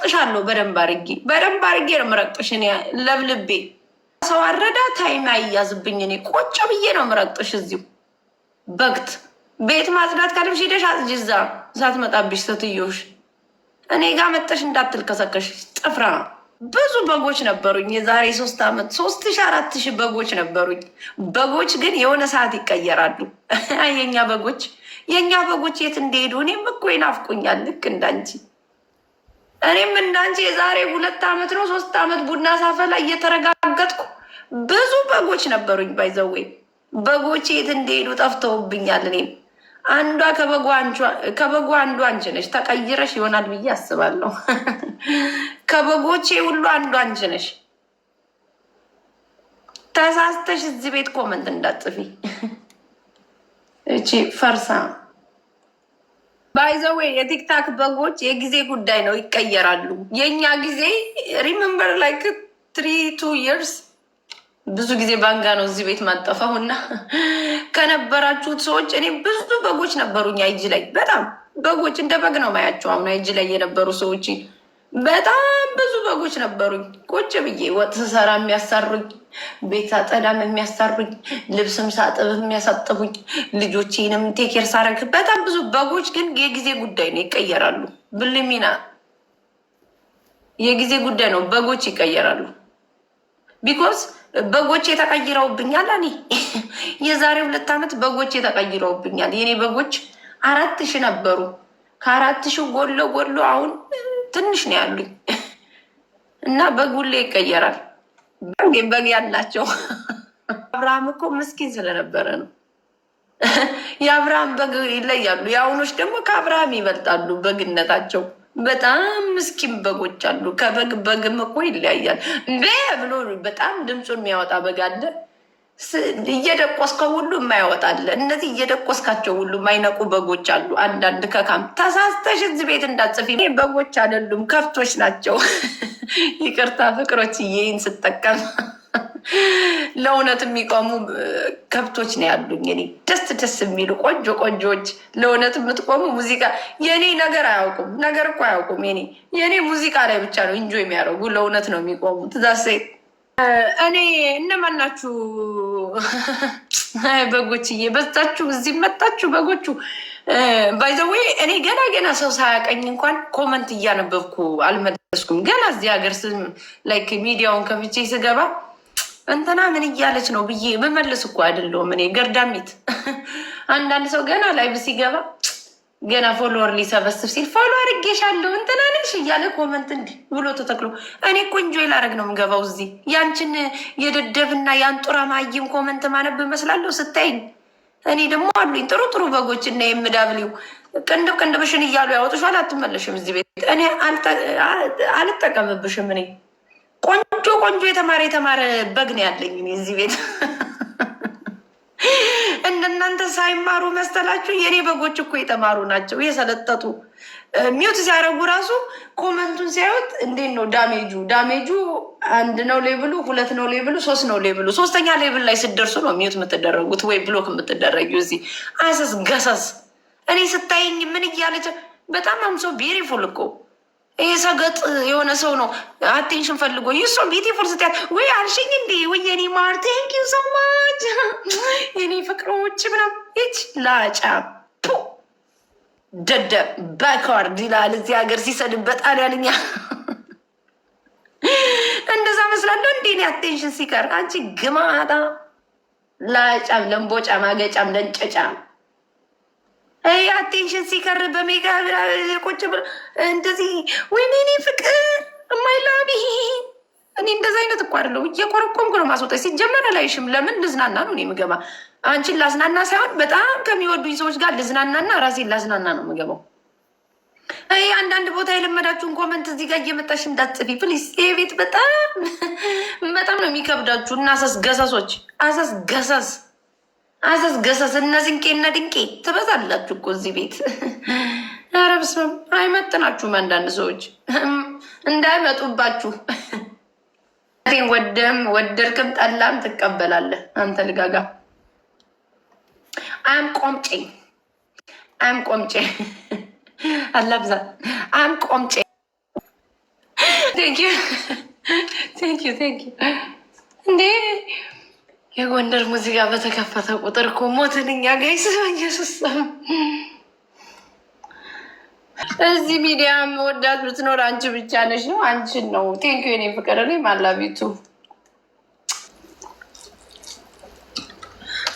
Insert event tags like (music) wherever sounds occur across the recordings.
እረግጥሻለሁ በደንብ አርጌ በደንብ አርጌ ነው የምረግጥሽ። እኔ ለብልቤ ሰው አረዳ ታይም አይያዝብኝ። እኔ ቆጭ ብዬ ነው የምረግጥሽ። እዚሁ በግት ቤት ማጽዳት ካለብሽ ሄደሽ አጽጂ። እዛ ሳትመጣብሽ ስትዮሽ እኔ ጋር መጠሽ እንዳትልከሰከሽ ጥፍራ ብዙ በጎች ነበሩኝ። የዛሬ ሶስት ዓመት ሶስት ሺ አራት ሺ በጎች ነበሩኝ። በጎች ግን የሆነ ሰዓት ይቀየራሉ። (laughs) የእኛ በጎች የእኛ በጎች የት እንደሄዱ እኔም እኮ ይናፍቁኛል ልክ እንዳንቺ እኔም እንዳንቺ የዛሬ ሁለት ዓመት ነው ሶስት ዓመት ቡና ሳፈላ እየተረጋገጥኩ ብዙ በጎች ነበሩኝ። ባይዘዌ በጎቼ የት እንደሄዱ ጠፍተውብኛል። እኔም አንዷ ከበጎ አንዷ አንቺ ነሽ። ተቀይረሽ ይሆናል ብዬ አስባለሁ። (laughs) ከበጎቼ ሁሉ አንዷ አንቺ ነሽ። ተሳስተሽ እዚህ ቤት ኮመንት እንዳጥፊ (laughs) እቺ ፈርሳ ባይዘዌ የቲክታክ በጎች የጊዜ ጉዳይ ነው፣ ይቀየራሉ። የእኛ ጊዜ ሪመምበር ላይክ ትሪ ቱ ይርስ ብዙ ጊዜ ባንጋ ነው እዚህ ቤት ማጠፋው እና ከነበራችሁት ሰዎች እኔ ብዙ በጎች ነበሩኝ አይጂ ላይ በጣም በጎች እንደ በግ ነው ማያቸው። አሁን እጅ ላይ የነበሩ ሰዎች በጣም ብዙ በጎች ነበሩኝ። ቁጭ ብዬ ወጥ ስሰራ የሚያሳሩኝ፣ ቤት ሳጠዳም የሚያሳሩኝ፣ ልብስም ሳጥብ የሚያሳጥቡኝ፣ ልጆቼንም ቴኬር ሳረግ በጣም ብዙ በጎች። ግን የጊዜ ጉዳይ ነው፣ ይቀየራሉ። ብልሚና የጊዜ ጉዳይ ነው፣ በጎች ይቀየራሉ። ቢኮዝ በጎቼ ተቀይረውብኛል። እኔ (laughs) የዛሬ ሁለት ዓመት በጎቼ ተቀይረውብኛል። የኔ በጎች አራት ሺህ ነበሩ። ከአራት ሺህ ጎሎ ጎሎ አሁን ትንሽ ነው ያሉኝ እና በጉሌ ይቀየራል። በግ ያላቸው አብርሃም እኮ ምስኪን ስለነበረ ነው። የአብርሃም በግ ይለያሉ። የአሁኖች ደግሞ ከአብርሃም ይበልጣሉ በግነታቸው። በጣም ምስኪን በጎች አሉ። ከበግ በግም እኮ ይለያያል ብሎ በጣም ድምፁ የሚያወጣ በግ አለ። እየደቆስከው ሁሉ የማይወጣለ እነዚህ እየደቆስካቸው ሁሉ የማይነቁ በጎች አሉ። አንዳንድ ከካም ተሳስተሽ እዚህ ቤት እንዳጽፊ በጎች አይደሉም ከብቶች ናቸው። (laughs) ይቅርታ ፍቅሮች ይህን ስጠቀም (laughs) ለእውነት የሚቆሙ ከብቶች ነው ያሉኝ። እኔ ደስ ደስ የሚሉ ቆንጆ ቆንጆዎች ለእውነት የምትቆሙ ሙዚቃ የኔ ነገር አያውቁም። ነገር እኮ አያውቁም። የኔ የኔ ሙዚቃ ላይ ብቻ ነው እንጆ የሚያደርጉ ለእውነት ነው የሚቆሙ ትዛሴ እኔ ናችሁ በጎችዬ፣ በዛችሁ እዚህ መጣችሁ በጎቹ። ባይዘዌ እኔ ገና ገና ሰው ሳያቀኝ እንኳን ኮመንት እያነበብኩ አልመለስኩም። ገና እዚህ ሀገር ላይክ ሚዲያውን ከፍቼ ስገባ እንትና ምን እያለች ነው ብዬ መመልስ እኮ አይደለሁም እኔ ገርዳሚት። አንዳንድ ሰው ገና ላይቭ ሲገባ ገና ፎሎወር ሊሰበስብ ሲል ፎሎወር አድርጌሻለሁ እንትና ነሽ እያለ ኮመንት እንዲ ብሎ ተተክሎ፣ እኔ ቆንጆ ላረግ ነው የምገባው እዚህ ያንችን የደደብና የአንጡራ ማይም ኮመንት ማነብ እመስላለሁ ስታይኝ። እኔ ደግሞ አሉኝ ጥሩ ጥሩ በጎች እና የምዳብሊው ቅንድብ ቅንድብሽን እያሉ ያወጡሻል፣ አትመለሽም እዚህ ቤት እኔ አልጠቀምብሽም። እኔ ቆንጆ ቆንጆ የተማረ የተማረ በግ ነው ያለኝ እዚህ ቤት (laughs) እንደናንተ ሳይማሩ መስተላችሁ? የኔ በጎች እኮ የተማሩ ናቸው የሰለጠጡ። ሚውት ሲያደርጉ ራሱ ኮመንቱን ሲያዩት እንዴት ነው ዳሜጁ? ዳሜጁ አንድ ነው ሌብሉ፣ ሁለት ነው ሌብሉ፣ ሶስት ነው ሌብሉ። ሶስተኛ ሌብል ላይ ስደርሱ ነው ሚውት የምትደረጉት ወይ ብሎክ የምትደረጊ። እዚህ አሰስ ገሰስ እኔ ስታይኝ ምን እያለች በጣም አምሶ ቤሪፉል እኮ ይህ ሰገጥ የሆነ ሰው ነው አቴንሽን ፈልጎ ይሶ ቢቲፉል ስትያት ወይ አልሽኝ እንዴ ወይ የኔ ማር ቴንክ ዩ ሰማች የኔ ፍቅሮች ምናም ች ላጫ ደደብ ባካርድ ይላል እዚህ ሀገር ሲሰድብ በጣሊያን እኛ እንደዛ መስላለሁ እንዴ ኔ አቴንሽን ሲከር አንቺ ግማጣ ላጫም ለንቦጫም አገጫም ለንጨጫም አቴንሽን ሲከር በሜጋ ቁጭ ብሎ እንደዚህ ወይኔኔ ፍቅር እማይላቢ እኔ እንደዚ አይነት እኮ አይደለሁ። እየኮረኮምኩ ነው ማስወጣት። ሲጀመር ላይሽም ለምን ልዝናና ነው እኔ የምገባ አንቺን ላዝናና ሳይሆን በጣም ከሚወዱኝ ሰዎች ጋር ልዝናናና ራሴን ላዝናና ነው የምገባው። ይ አንዳንድ ቦታ የለመዳችሁን ኮመንት እዚህ ጋር እየመጣሽ እንዳትጽፊ ፕሊስ። ይሄ ቤት በጣም በጣም ነው የሚከብዳችሁ እና አሰስ ገሰሶች አሰስ ገሰስ አዘዝ ገሰስ እነ ዝንቄና ድንቄ ትበዛላችሁ እኮ እዚህ ቤት። ኧረ በስመ አይመጥናችሁም። አንዳንድ ሰዎች እንዳይመጡባችሁ ወደም ወደድክም ጠላም ትቀበላለህ። አንተ ልጋጋ አም ቆምጬ አም ቆምጬ አላብዛ አም ቆምጬ እንዴ የጎንደር ሙዚቃ በተከፈተ ቁጥር እኮ ሞትን እኛ ጋይስ ኢየሱስ እዚህ ሚዲያ መወዳት ብትኖር አንቺ ብቻ ነሽ። ነው አንቺን ነው ቴንኪ የኔ ፍቅር። እኔ ማላቢቱ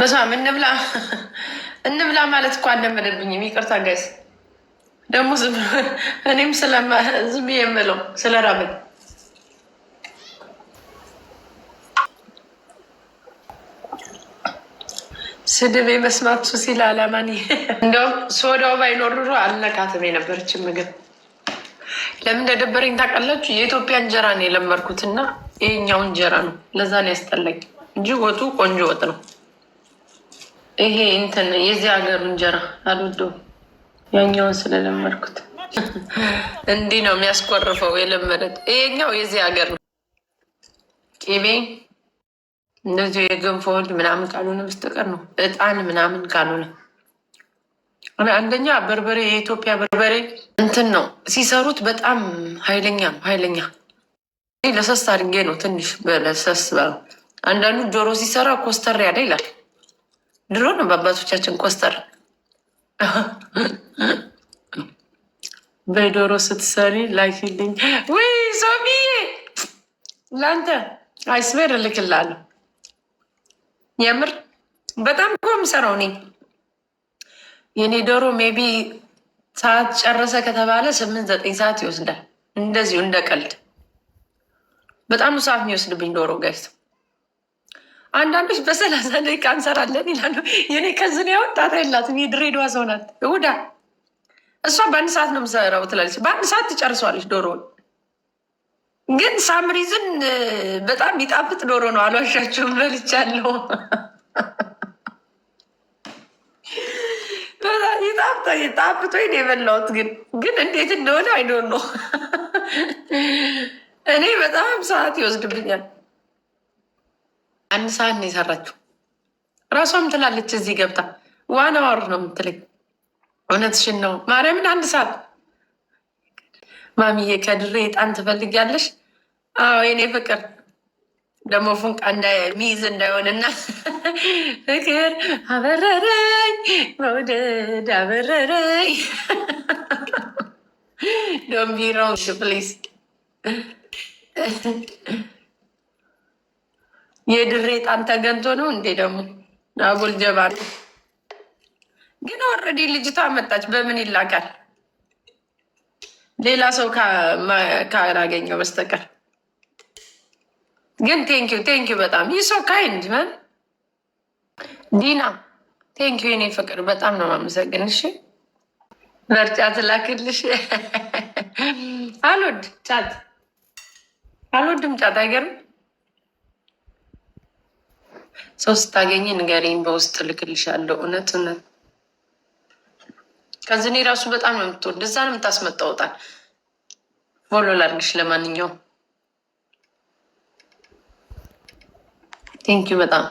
በሷም እንብላ እንብላ ማለት እኮ አልለመደብኝም። ይቅርታ ጋይስ ደግሞ እኔም ስለ ዝም የምለው ስለ ስለራበኝ ስድብ የመስማት ሱስ ሲል አላማን (laughs) እንደውም ሶዳው ባይኖር ኑሮ አልነካትም የነበረች ምግብ ለምን እንደደበረኝ ታውቃላችሁ? የኢትዮጵያ እንጀራ ነው የለመድኩት እና ይሄኛው እንጀራ ነው። ለዛ ነው ያስጠላኝ እንጂ ወጡ ቆንጆ ወጥ ነው። ይሄ እንትን የዚህ ሀገር እንጀራ አልወደውም። ያኛውን ስለለመድኩት (laughs) እንዲህ ነው የሚያስቆርፈው። የለመደት ይሄኛው የዚህ ሀገር ነው ቂቤ እነዚህ የገንፎ ወልድ ምናምን ካልሆነ በስተቀር ነው። እጣን ምናምን ካልሆነ አንደኛ በርበሬ የኢትዮጵያ በርበሬ እንትን ነው ሲሰሩት በጣም ኃይለኛ ነው። ለሰስ አድርጌ ነው ትንሽ ለሰስ። አንዳንዱ ዶሮ ሲሰራ ኮስተር ያለ ይላል። ድሮ ነው በአባቶቻችን ኮስተር። በዶሮ ስትሰሪ ላኪልኝ ወይ ሶፊዬ፣ ለአንተ አይስበር እልክልሃለሁ የምር በጣም እኮ የምሰራው እኔ የኔ ዶሮ ሜቢ ሰዓት ጨረሰ ከተባለ ስምንት ዘጠኝ ሰዓት ይወስዳል። እንደዚሁ እንደ ቀልድ በጣም ሰዓት የሚወስድብኝ ዶሮ ጋይስ። አንዳንዶች በሰላሳ ደቂቃ እንሰራለን ይላሉ። የኔ ከዝን ያው ጣጣ የላትም የድሬዳዋ ሰው ናት። እሑዳ እሷ በአንድ ሰዓት ነው የምሰራው ትላለች። በአንድ ሰዓት ትጨርሰዋለች ዶሮውን ግን ሳምሪዝን በጣም የሚጣፍጥ ዶሮ ነው። አልዋሻቸውም፣ በልቻለሁ። ይን የበላሁት ግን ግን እንዴት እንደሆነ አይዶን ነው። እኔ በጣም ሰዓት ይወስድብኛል። አንድ ሰዓት ነው የሰራችው። ራሷም ትላለች እዚህ ገብታ ዋና ዋሩ ነው የምትለኝ። እውነትሽን ነው ማርያምን አንድ ሰዓት ማሚዬ ከድሬ እጣን ትፈልጊያለሽ? አዎ የኔ ፍቅር ደግሞ ፉንቃ ሚይዝ እንዳይሆንና (laughs) ፍቅር አበረረኝ መውደድ አበረረኝ። ዶን ቢ ሮንግ የድሬ ጣን ተገንቶ ነው እንዴ? ደግሞ አጉል ጀባ ግን ኦልሬዲ ልጅቷ መጣች። በምን ይላካል? ሌላ ሰው ካላገኘው በስተቀር ግን ቴንኪው ቴንኪው በጣም ይህ ሰው ካይንድ መን ዲና ቴንኪው የኔ ፍቅር በጣም ነው ማመሰግንሽ። መርጫ ትላክልሽ አልወድ ጫት አልወድም ጫት አይገርም። ሰው ስታገኝ ንገሪኝ፣ በውስጥ ልክልሻለሁ። እውነት እውነት ከዚህ እኔ ራሱ በጣም ነው የምትወድ እዛ ነው የምታስመጣውጣል። ፎሎ ላድርግሽ። ለማንኛውም ቴንኪ በጣም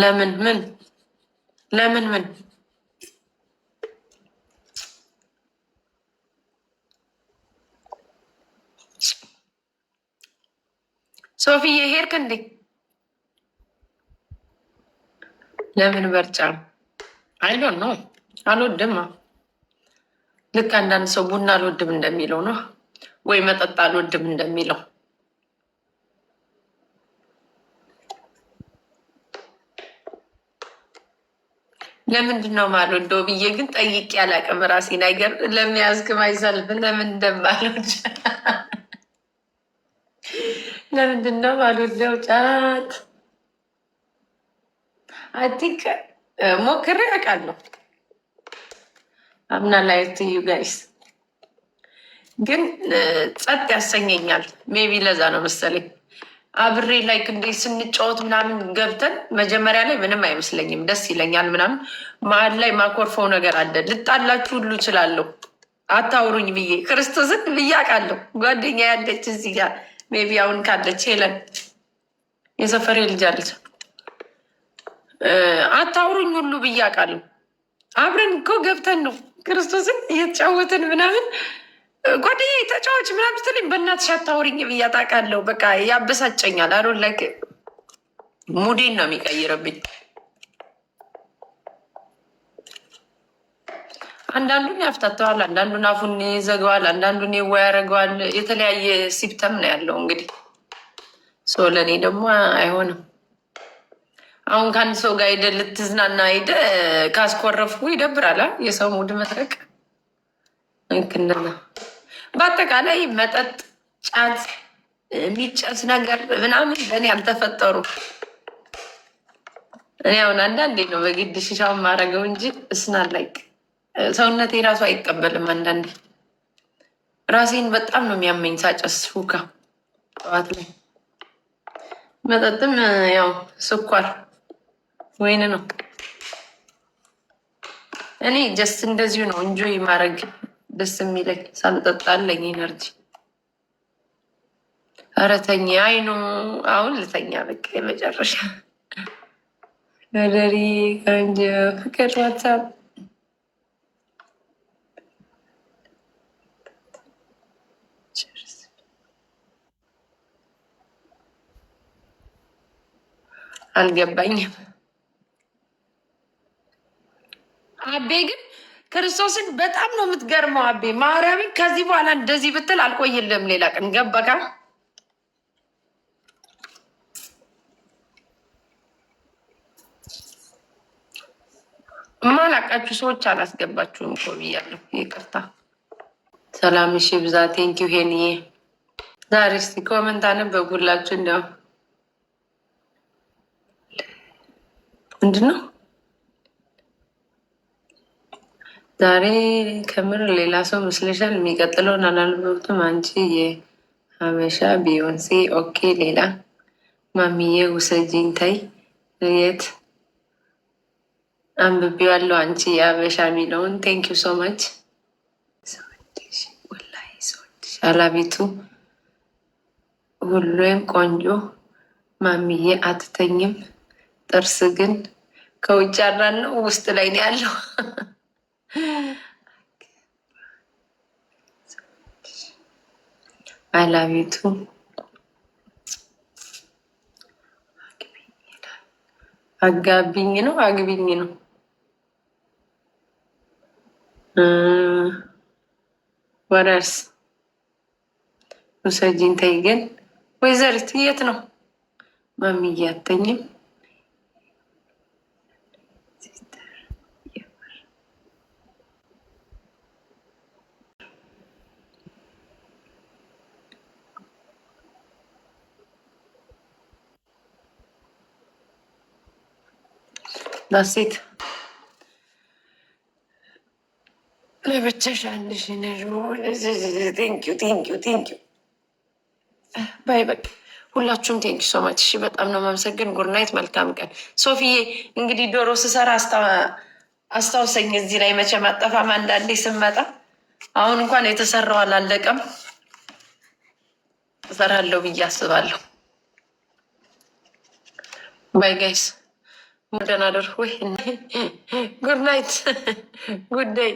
ለምን ምን ለምን ምን ሶፊዬ ሄድክ እንዴ? ለምን በርጫ አይሎ ነው አልወድም። ልክ አንዳንድ ሰው ቡና አልወድም እንደሚለው ነው ወይ መጠጥ አልወድም እንደሚለው ለምንድን ነው የማልወደው ብዬ ግን ጠይቄ አላቅም። ራሴ ነገር ለሚያዝግም አይዘልብ ለምን እንደማልወድ ለምንድን ነው ባሉለው ጫት አይቲንክ ሞክሬ አውቃለሁ። አምና ላይ ዩ ጋይስ ግን ጸጥ ያሰኘኛል። ሜቢ ለዛ ነው መሰለኝ አብሬ ላይክ እንደ ስንጫወት ምናምን ገብተን መጀመሪያ ላይ ምንም አይመስለኝም፣ ደስ ይለኛል ምናምን። መሀል ላይ ማኮርፈው ነገር አለ። ልጣላችሁ ሁሉ እችላለሁ፣ አታውሩኝ ብዬ ክርስቶስን ብዬ አውቃለሁ። ጓደኛ ያለች እዚህ ጋር ቤቢ አሁን ካለች ሄለን የሰፈሬ ልጅ አለች። አታውሩኝ ሁሉ ብያ አውቃለሁ። አብረን እኮ ገብተን ነው ክርስቶስን እየተጫወትን ምናምን ጓደኛ ተጫዋች ምናምን ስትለኝ በእናትሽ አታውሪኝ ብዬ አውቃለሁ። በቃ ያበሳጨኛል። አሮን ላይ ሙዴን ነው የሚቀይረብኝ። አንዳንዱን ያፍታተዋል፣ አንዳንዱን አፉን ይዘገዋል፣ አንዳንዱን ይዋ ያደርገዋል። የተለያየ ሲፕተም ነው ያለው። እንግዲህ ሰው ለእኔ ደግሞ አይሆንም። አሁን ከአንድ ሰው ጋር ሄደ ልትዝናና ሄደ ካስኮረፍኩ ይደብራል። የሰው ሙድ መድረቅ እንክንና በአጠቃላይ መጠጥ፣ ጫት፣ የሚጨስ ነገር ምናምን በእኔ አልተፈጠሩም። እኔ አሁን አንዳንዴ ነው በግድ ሽሻውን ማድረገው እንጂ እስና ላይክ ሰውነቴ ራሱ አይቀበልም። አንዳንዴ ራሴን በጣም ነው የሚያመኝ ሳጨስ ሁካ ጠዋት ላይ መጠጥም ያው ስኳር ወይን ነው። እኔ ጀስት እንደዚሁ ነው እንጆይ ማድረግ ደስ የሚለኝ ሳልጠጣ አለኝ ኢነርጂ። ኧረ አይኑ አሁን ልተኛ በቃ የመጨረሻ ወደሪ ከንጀ ፍቅር ዋትሳፕ አልገባኝም። አቤ ግን ክርስቶስን በጣም ነው የምትገርመው። አቤ ማርያምን ከዚህ በኋላ እንደዚህ ብትል አልቆይልም። ሌላ ቀን ገባካ ማላቃችሁ ሰዎች አላስገባችሁም እኮ ብያለሁ። ይቅርታ። ሰላም ሺ ብዛ ቴንኪው ሄንዬ ዛሬ እስኪ ኮመንት አነበብኩላችሁ እንዲያውም ምንድን ነው ዛሬ ከምር ሌላ ሰው መስለሻል። የሚቀጥለውን አላልበብትም። አንቺ የሀበሻ ቢዮንሴ ኦኬ። ሌላ ማሚዬ ውሰጂኝ ታይ የት አንብቢ ያለው አንቺ የሀበሻ የሚለውን ቴንክ ዩ ሶ ማች አላቤቱ ሁሉም ቆንጆ ማሚዬ አትተኝም ጥርስ ግን ከውጭ ያራን ነው ውስጥ ላይ ነው ያለው። አላቤቱ (laughs) አጋቢኝ ነው አግቢኝ ነው ወረርስ ውሰጂኝ ተይ ግን ወይዘሪት የት ነው ማሚዬ አተኝም ዳሴት ለብቻሽ አንድ ሺ ባይ በቃ ሁላችሁም ቴንኪው ሶማች። እሺ በጣም ነው ማመሰግን። ጉርናይት መልካም ቀን። ሶፊዬ እንግዲህ ዶሮ ስሰራ አስታውሰኝ። እዚህ ላይ መቼ ማጠፋም አንዳንዴ ስመጣ አሁን እንኳን የተሰራው አላለቀም። እሰራለሁ ብዬ አስባለሁ። ባይ ጋይስ ደህና ደር ጉድ ናይት ጉዳይ